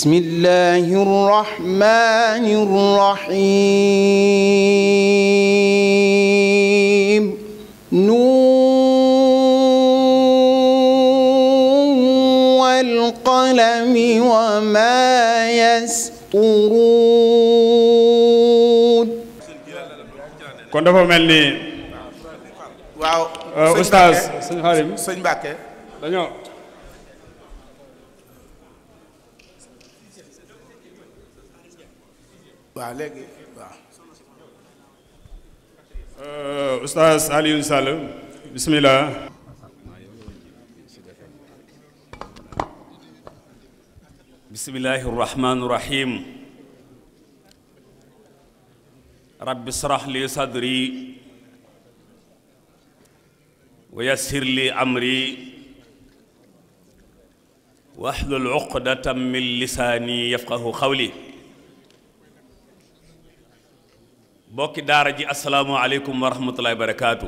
بسم الله الرحمن الرحيم نون والقلم وما يسطرون kon dafa mel ni waaw euh, Oustaz sëñ Xarim sëñ Mbàkke dañoo waaw léegi waaw. Euh, oustaz Alioune Sall bismillah. bismillahi irrahmani irrahim rabbi srah li sadri wa yassir li amri wahlul uqdatan min lisaani yafqahu qawli bokki daara ji asalaamualeykum wa rahmatullahi barakaatu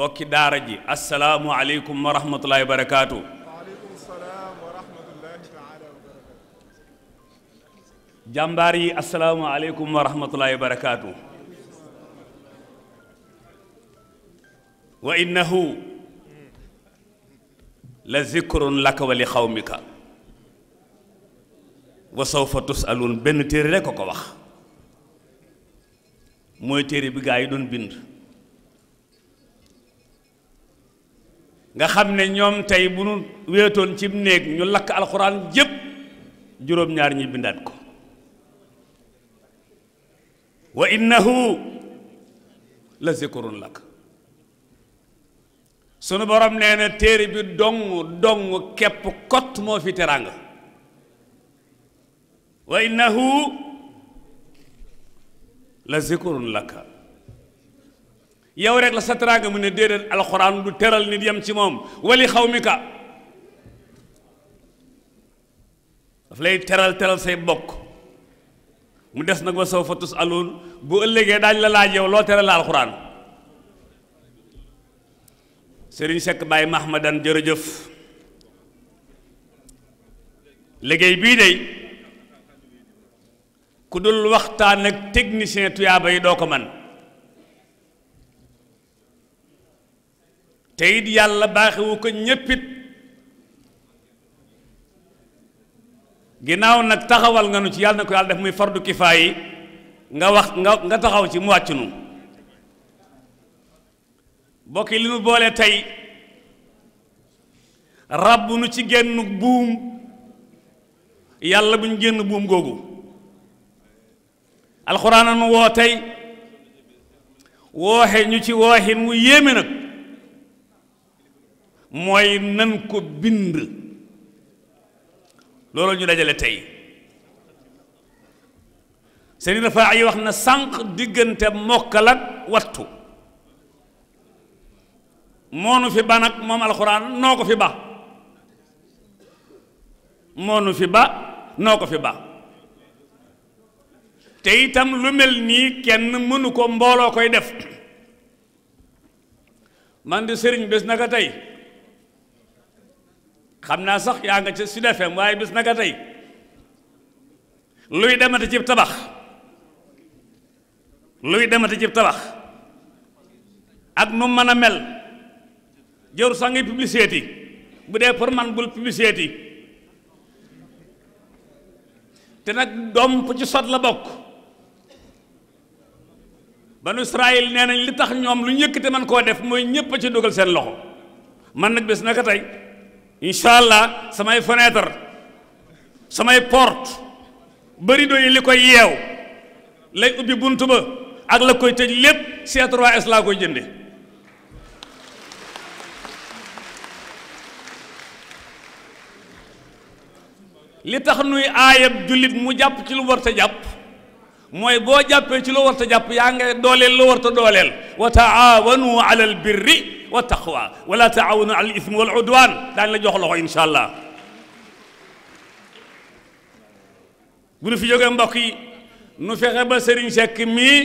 bokki daara ji asalaamualeykum wa rahmatullahi barakaatu jàmbaar yi asalaamualeykum wa rahmatullahi barakaatu wa innahu la zikrun laka wa li xawmika wa sawfa tusaluun benn téere rek ko ko wax mooy téere bi gaa yi doon bind nga xam ne ñoom tey bu nu wéetoon ci néeg ñu lakk alxuraan yépp juróom-ñaar ñi bindaat ko wa innahu la zikrun lak sunu borom nee na téere bi dong dong kepp kott moo fi teraanga wa innahu la zikrun lakk yow rek la sa teraanga mu ne déedéet alxuraan du teral nit yem ci moom wali xawmika daf lay teral teral say bokk mu des nag wa sawfa tusaluun bu ëllëgee daañ la laaj yow loo teral la alxuraan sëriñ Seck Baye Mahmadan jërëjëf liggéey bii dey ku dul waxtaan ak technicien tuyaaba yi doo ko man te yàlla baaxewu ko ñéppit ginnaaw nag taxawal nga nu ci yàlla na ko yàlla def muy fardu kifaay yi nga wax nga nga taxaw ci mu wàcc nu mbokk yi li nu boole tey ràbb nu ci génn buum yàlla bu ñu génn buum googu alxuraan nu woo tey wooxe ñu ci wooxin mu yéeme nag mooy nan ko bind loolu ñu dajale tey seen rafaa yi wax na sànq diggante mokkal ak wattu moonu fi ba nag moom alxuraan noo ko fi ba moonu fi ba noo ko fi ba te itam lu mel nii kenn mënu ko mbooloo koy def man di sëriñ na naka tey xam naa sax yaa nga ca Sud FM waaye bés naka tey luy demate cib tabax luy demate cib tabax ak nu mën a mel jëru sax ngay bu dee pour man bul publicité te nag domp ci sot la bokk banu Israël nee nañ li tax ñoom lu ñu yëkkate man koo def mooy ñëpp a ci dugal seen loxo man nag bés naka tey incha allah samay fenêtre samay porte barido yi li koy yeew lay ubbi bunt ba ak la koy tëj lépp c 3 laa koy jënde li tax nuy aayab jullit mu jàpp ci lu war te jàpp mooy boo jàppee ci loo warta jàpp yaa nga dooleel loo warta dooleel wa taawanu ala al wa taqwa wala taawanu ala al ismi wal udwan daañu jox loxo insha bu nu fi jógee mbokk yi nu fexe ba Serigne Seck mii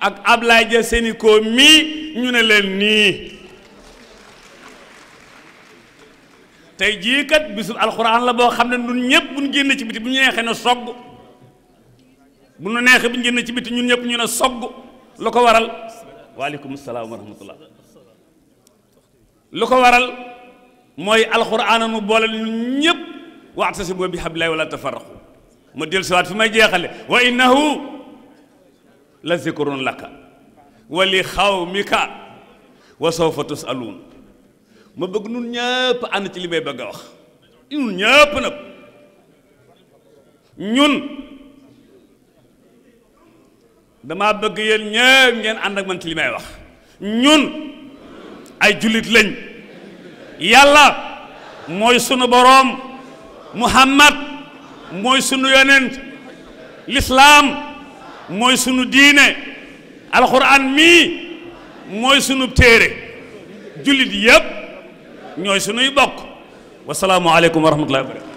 ak Ablaye Dia Sénico mii ñu ne leen nii tey jii kat bisub alxuraan la boo xam ne nun ñëpp buñ génn ci biti bu ñu neexee na sogg mu nu neexee bu ñu génn ci biti ñun ñëpp ñu ne sogg lu ko waral waaleykum salaam wa rahmatullah lu ko waral mooy alxuraan mu boole ñun ñëpp wa'tasimu bi hablillahi wala tafarraqu ma dellu siwaat fi may jeexale wa innahu la zikrun laka wa li xawmika wa sawfa tusaluun ma bëgg nun ñëpp ànd ci li may bëgg wax ñun ñëpp nag ñun damaa bëgg yéen ñëpp ngeen ànd ak man ci li may wax ñun ay jullit lañ yàlla mooy sunu boroom muhammad mooy sunu yonent lislaam mooy sunu diine alxuraan mii mooy sunu téere jullit yëpp ñooy sunuy bokk wasalaamualeykum wa rahmatullahi wa barakatu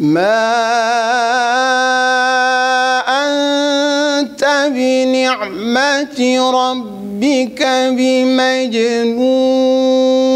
ما أنت بنعمة ربك بمجنون